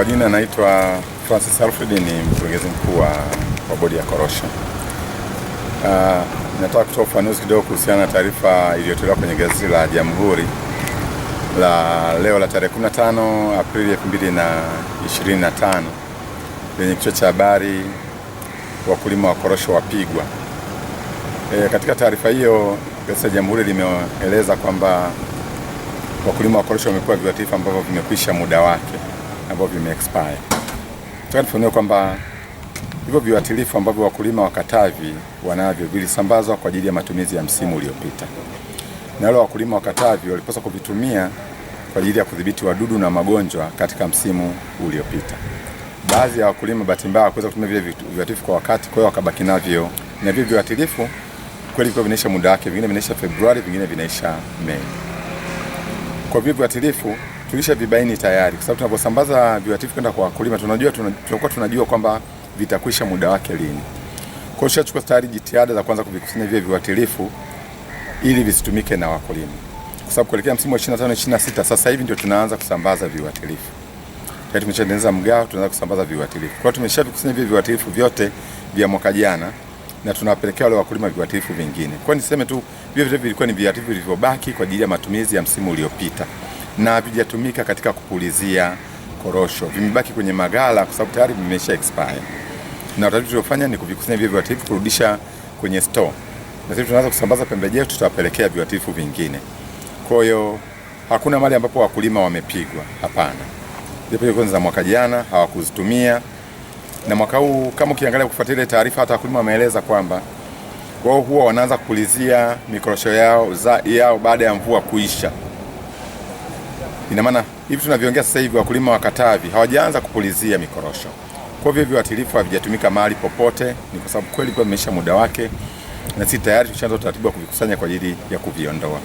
Kwa jina naitwa Francis Alfred, ni mkurugenzi mkuu wa bodi ya korosho. Uh, nataka kutoa ufafanuzi kidogo kuhusiana na taarifa iliyotolewa kwenye gazeti la Jamhuri la leo la tarehe 15 Aprili 2025 lenye kichwa cha habari wakulima wa korosho wapigwa. E, katika taarifa hiyo gazeti la Jamhuri limeeleza kwamba wakulima wa korosho wamekuwa viuatilifu ambavyo vimekwisha muda wake ambavyo vimeexpire. Nataka nifafanue kwamba hivyo viuatilifu ambavyo wakulima wa Katavi wanavyo vilisambazwa kwa ajili ya matumizi ya msimu uliopita, na wale wakulima wa Katavi walipaswa kuvitumia kwa ajili ya kudhibiti wadudu na magonjwa katika msimu uliopita. Baadhi ya wakulima bahati mbaya hawakuweza kutumia vile viuatilifu kwa wakati, kwa hiyo wakabaki navyo, na hivyo viuatilifu kweli kwa vinaisha muda wake, vingine vinaisha Februari, vingine vinaisha Mei. Kwa hivyo viuatilifu tulisha vibaini tayari, kwa sababu tunaposambaza viuatilifu kwenda kwa wakulima tunajua tunakuwa tunajua kwamba vitakwisha muda wake lini. Kwa hiyo tushachukua tayari jitihada za kwanza kuvikusanya vile viuatilifu ili visitumike na wakulima, kwa sababu kuelekea msimu wa 25 26 sasa hivi ndio tunaanza kusambaza viuatilifu tayari. Tumeshaendeleza mgao, tunaanza kusambaza viuatilifu. Kwa hiyo tumeshavikusanya vile viuatilifu vyote vya mwaka jana na tunawapelekea wale wakulima viuatilifu vingine. Kwa hiyo niseme tu vile vile vilikuwa ni viuatilifu vilivyobaki kwa ajili ya matumizi ya msimu uliopita na havijatumika katika kupulizia korosho, vimebaki kwenye magala kwa sababu tayari vimesha expire, na utaratibu tuliofanya ni kuvikusanya vile viuatilifu kurudisha kwenye store, na sisi tunaanza kusambaza pembejeo, tutawapelekea viuatilifu vingine. Kwa hiyo hakuna mali ambapo wakulima wamepigwa, hapana. Pembejeo za mwaka jana hawakuzitumia na mwaka huu, kama ukiangalia kufuatilia taarifa, hata wakulima wameeleza kwamba wao huwa wanaanza kupulizia mikorosho yao, za, yao baada ya mvua kuisha. Ina maana hivi tunavyoongea sasa hivi wakulima wa Katavi hawajaanza kupulizia mikorosho. Kwa hivyo viuatilifu havijatumika mahali popote, ni kwa sababu kweli kwa imeisha muda wake, na sisi tayari tushaanza utaratibu wa kuvikusanya kwa ajili ya kuviondoa.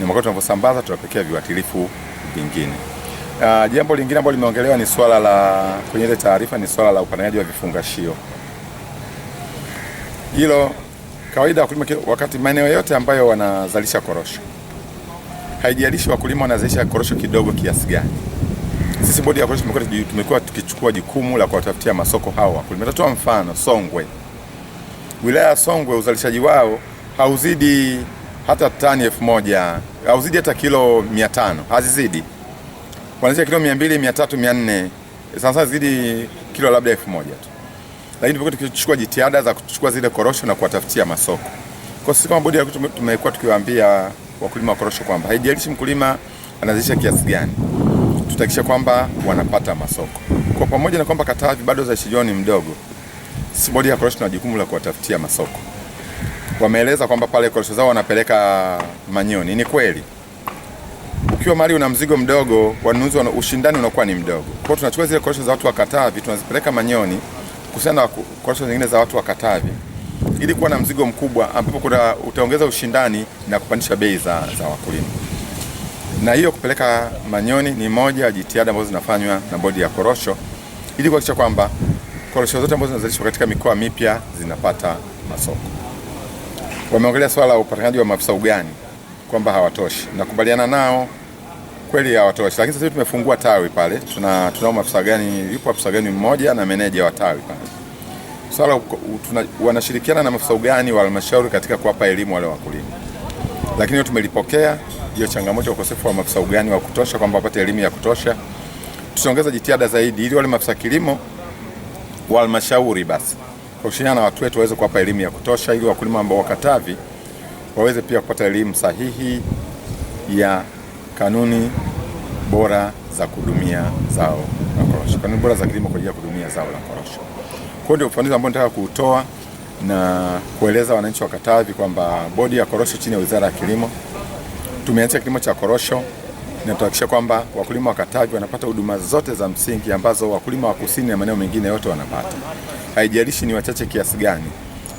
Ni mwaka tunavyosambaza tunapekea viuatilifu vingine. Uh, jambo lingine ambalo limeongelewa ni swala la kwenye ile taarifa ni swala la upanaji wa vifungashio. Hilo kawaida wakulima wakati maeneo yote ambayo wanazalisha korosho haijalishi wakulima wanazalisha korosho kidogo kiasi gani. Sisi bodi ya korosho tumekuwa tukichukua jukumu la kuwatafutia masoko hao wakulima. Tatoa mfano Songwe, wilaya ya Songwe uzalishaji wao hauzidi hata tani elfu moja hauzidi hata kilo mia tano hazizidi, kuanzia kilo mia mbili mia tatu mia nne sana zidi kilo labda elfu moja tu, lakini tumekuwa tukichukua jitihada za kuchukua zile korosho na kuwatafutia masoko. Kwa sisi kama bodi ya korosho tumekuwa tukiwaambia wakulima wa korosho kwamba haijalishi mkulima anazalisha kiasi gani, tutahakikisha kwamba wanapata masoko. Kwa pamoja na kwamba Katavi bado uzalishaji wao ni mdogo, sisi bodi ya korosho tuna jukumu la kuwatafutia masoko. Wameeleza kwamba pale korosho zao wanapeleka Manyoni, ni kweli. Ukiwa mali una mzigo mdogo, wanunuzi wana ushindani unakuwa ni mdogo. Kwa hiyo tunachukua zile korosho za watu wa Katavi tunazipeleka Manyoni, kuhusiana na korosho zingine za watu wa Katavi ili kuwa na mzigo mkubwa ambapo kuna utaongeza ushindani na kupandisha bei za, za wakulima. Na hiyo kupeleka manyoni ni moja ya jitihada ambazo zinafanywa na bodi ya korosho ili kuhakikisha kwamba korosho zote ambazo zinazalishwa katika mikoa mipya zinapata masoko. Wameongelea swala la upatikanaji wa maafisa ugani kwamba hawatoshi. Nakubaliana nao kweli hawatoshi, lakini sasa tumefungua tawi pale, tunao maafisa yupo afisa gani mmoja na meneja wa tawi pale swala wanashirikiana na maafisa ugani wa halmashauri katika kuwapa elimu wale wakulima, lakini hiyo tumelipokea hiyo changamoto ya ukosefu wa maafisa ugani wa kutosha, kwamba wapate elimu ya kutosha. Tutaongeza jitihada zaidi ili wale maafisa kilimo wa halmashauri basi kwa kushirikiana na watu wetu waweze kuwapa elimu ya kutosha, ili wakulima ambao wakatavi waweze pia kupata elimu sahihi ya kanuni bora za kudumia zao la korosho, kanuni bora za kilimo kwa ajili ya kudumia zao la korosho. Kwa hiyo ufafanuzi ambao nataka kuutoa na kueleza wananchi wa Katavi kwamba bodi ya korosho chini ya Wizara ya Kilimo tumeanzisha kilimo cha korosho na tutahakikisha kwamba wakulima wa Katavi wanapata huduma zote za msingi ambazo wakulima wa kusini na maeneo mengine yote wanapata, haijalishi ni wachache kiasi gani,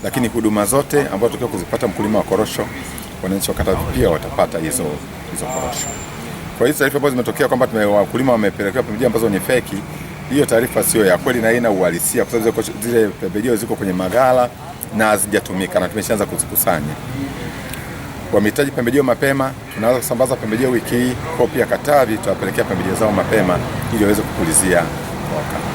lakini huduma zote ambazo tutakiwa kuzipata mkulima wa korosho, wananchi wa Katavi pia watapata hizo hizo korosho. Kwa hizo taarifa ambazo zimetokea kwamba wakulima wamepelekewa pembejeo ambazo ni feki hiyo taarifa sio ya kweli na haina uhalisia, kwa sababu zile pembejeo ziko kwenye magala na hazijatumika na tumeshaanza kuzikusanya. Wamehitaji pembejeo mapema, tunaweza kusambaza pembejeo wiki hii. Kwa pia Katavi tutawapelekea pembejeo zao mapema ili waweze kupulizia kwa wakati.